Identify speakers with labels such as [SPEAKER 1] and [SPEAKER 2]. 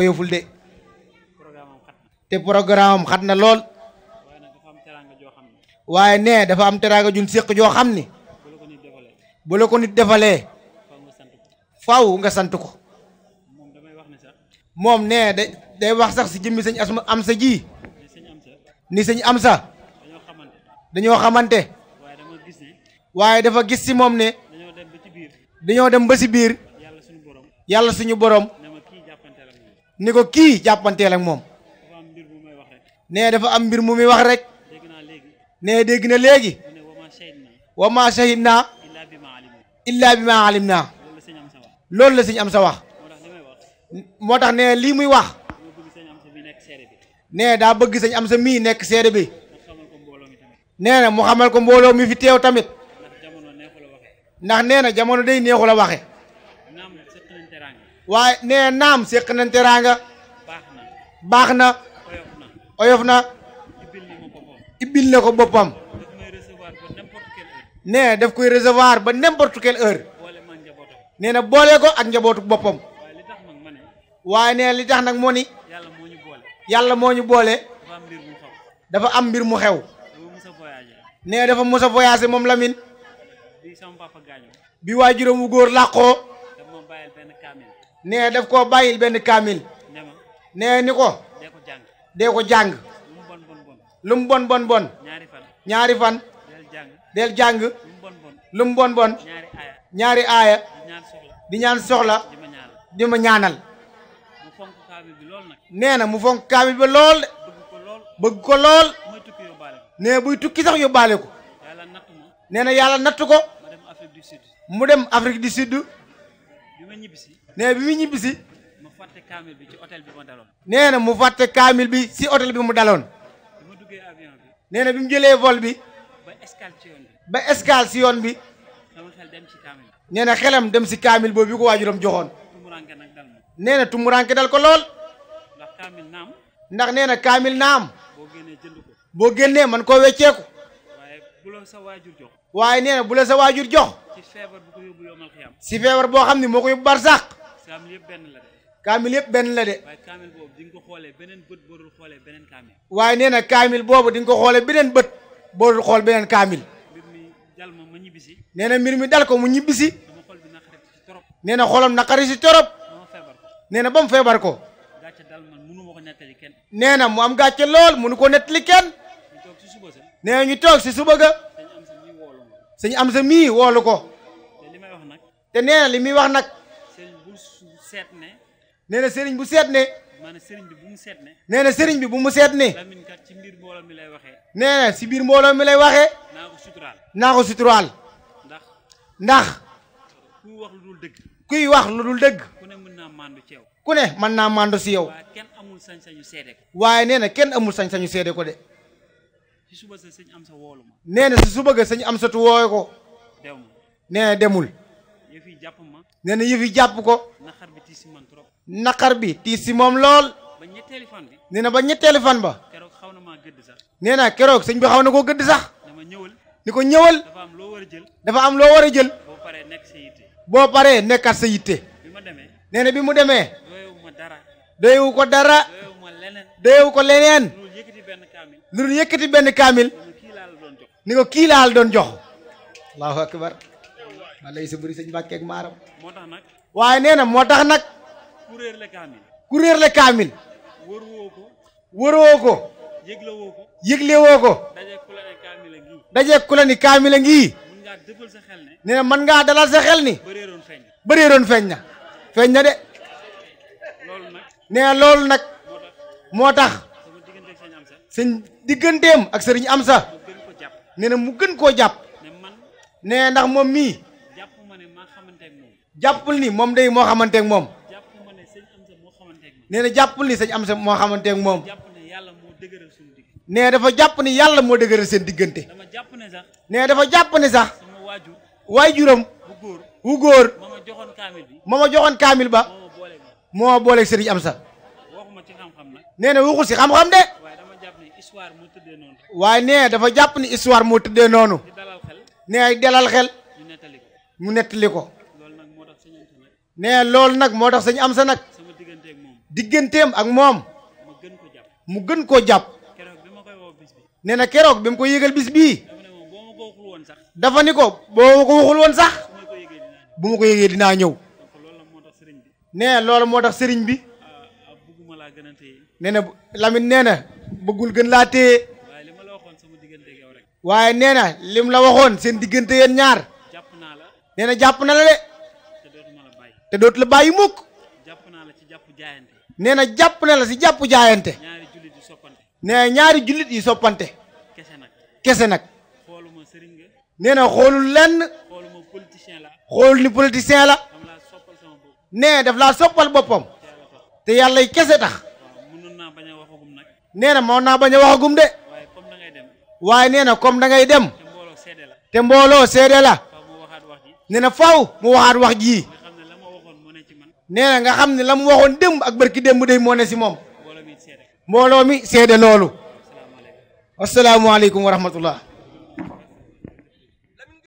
[SPEAKER 1] dafa yëful de te programme am xat na lool waaye nee dafa am teraanga jun séq joo xam ni bu la ko nit defalee faw nga sant ko moom nee da day wax sax si jëmmi sëñ asma am sa ji ni sëñ am sa dañoo xamante waaye dafa gis si moom ne dañoo dem ba si biir yàlla suñu borom ni ko kii jàppantee ak moom nee dafa am mbir mu muy wax rek nee dégg na léegi wa maa shahid naa illaa bi maa alim naa loolu la sëñ am sa wax moo tax nee lii muy wax nee daa bëgg sañ am sa mii nekk seede bi nee na mu xamal ko mbooloo mi fi teew tamit ndax nee na jamono day neexu la waxe waaye nee naam séq nañ teraanga baax na oyof na ibbil na ko boppam nee def koy recevoir ba n'importe quelle heure nee na boole ko ak njabootu boppam waaye nee li tax nag moo ni yàlla moo ñu boole dafa am mbir mu xew nee dafa mos a moom Lamine bi waajuram wu góor làqoo nee daf koo bàyyil benn kaamil nee ni ko dee ko jàng lu mu bon bon bon ñaari fan del jàng lu mu bon bon ñaari aaya di ñaan soxla di ma ñaanal nee na mu fonk kaamil ba lool de bëgg ko lool nee buy tukki sax yóbbaale ko nee na yàlla natt ko mu dem Afrique du Sud bi ma ñibbisi. nee bi mu ñibbisi. mu fàtte kaamil bi ci hôtel bi mu daloon. nee na mu fàtte kaamil bi ci hôtel bi mu daloon. bi ma duggee avion bi. nee na bi mu jëlee vol bi. ba escale ci yoon bi. ba escale yoon bi. dem ci kaamil. nee na xelam dem si kaamil boobu bi ko waajuram joxoon. tumuranke nag dal na. nee na tumuranke dal ko lool. ndax kaamil naam. ndax nee na kaamil naam. boo génnee jënd ko. boo génnee man koo wecceeku. waaye bu la sa waajur jox. waaye nee bu la sa waajur jox. feebar bu ko si feebar boo xam ne moo ko yóbbu barsax. kaamil yëpp benn la de. kaamil yëpp benn la de. waaye kaamil boobu di nga ko xoolee beneen bët boo dul xoolee beneen kaamil. waaye nee na kaamil boobu di ko xoolee beneen bët boo xool beneen kaamil. mbir mi ma ñibbisi. nee na mbir mi dal ko mu ñibbisi. nee na xolam naqari si torop. nee na ba mu feebar ko. nee na mu am gàcce lool mënu ko nettali kenn. nee ñu toog si suba ga. sëñ am sa mii woolu ko. te nee na li muy wax nag. sëriñ bu ne. nee sëriñ bu seet ne. maanaam sëriñ bi bu mu seet ne. nee na sëriñ bi bu mu seet ne. Lamine ci biir mbooloo mi lay waxee. nee si biir mi lay waxee. naa ko suturaal. ndax. ndax. kuy wax lu dul kuy wax lu dul dëgg. ku ne mën naa màndu ci yow. ku ne mën naa màndu si yow. waaye kenn amul sañ-sañu seede waaye nee na kenn amul sañ-sañu seede ko de. si suba sa sëñ am sa woolu nee na si suba ga sëñ am sa tu wooye ko. demul nee na demul. yëf yi jàpp ma. nee na yëf yi jàpp ko. naqar bi tiis si man trop. naqar bi tiis si moom lool. ba ñetteeli fan bi. nee na ba ñetteeli fan ba. keroog xaw na maa gëdd sax. nee na keroog sëñ bi xaw na koo gëdd sax. dama ñëwal. ni ko ñëwal. dafa am loo war a jël. dafa am loo war a jël. boo paree nekk sa yitte. boo paree nekkat sa bi ma demee. nee na bi mu demee. doyewu ma dara. doyewu ko dara. doyewu leneen. doyewu ko leneen. lu yëkkati benn kaamil. lu yëkkati benn kaamil. ni ko kii laal doon jox ma sa bëri sëñ Mbàkke ak moo tax nag waaye nee na moo tax nag kuréer le kaamil kuréer le kaamil wërwoo ko wërwoo ko yëgle woo ko yëgle woo ko dajeeg ku la ni kaamil a ngii nee na ngaa dalal sa xel ni bëreeroon feeñ na feeñ na de nee loolu nag moo tax seen digganteem ak sëriñ am sa nee mu gën koo jàpp nee ndax moom mii jàppul ni moom day moo xamanteeg moom nee na jàppul ni sëñ Amsa moo xamanteeg moom nee dafa jàpp ni yàlla moo dëgëral seen diggante nee dafa jàpp ni sax waajuram wu góor ma ma joxoon kaamil ba moo booleeg sëriñ Amsa nee na waxu si xam-xam de waaye nee dafa jàpp ni histoire moo tëddee noonu nee dalal xel mu nettali ko nee lool nag moo tax sañ am sa nag digganteem ak moom mu gën koo jàpp nee na keroog bi mu ko yégal bis bii dafa ni ko boo ma ko waxul woon sax bu ma ko yégee dinaa ñëw nee loolu moo tax sëriñ bi ah, ah, nee na Lamine nee na bëggul gën laa téye waaye nee na lim la waxoon seen diggante yéen ñaar. nee na jàpp na la de te dootu la bàyyi mukk nee na jàpp na la si jàpp jaayante nee na ñaari jullit yi soppante kese nag nee na xoolul lenn xoolul ni politicien la nee daf laa soppal boppam te yàlla kese tax nee na moon naa bañ a waxagum de waaye nee na comme da ngay dem te mbooloo seede la ne na faaw mu waxaat wax jii nee na nga xam ne la mu waxoon démb ak barki démb day moo ne si moom mbooloo mi seede loolu asalaamualeykum wa rahmatullah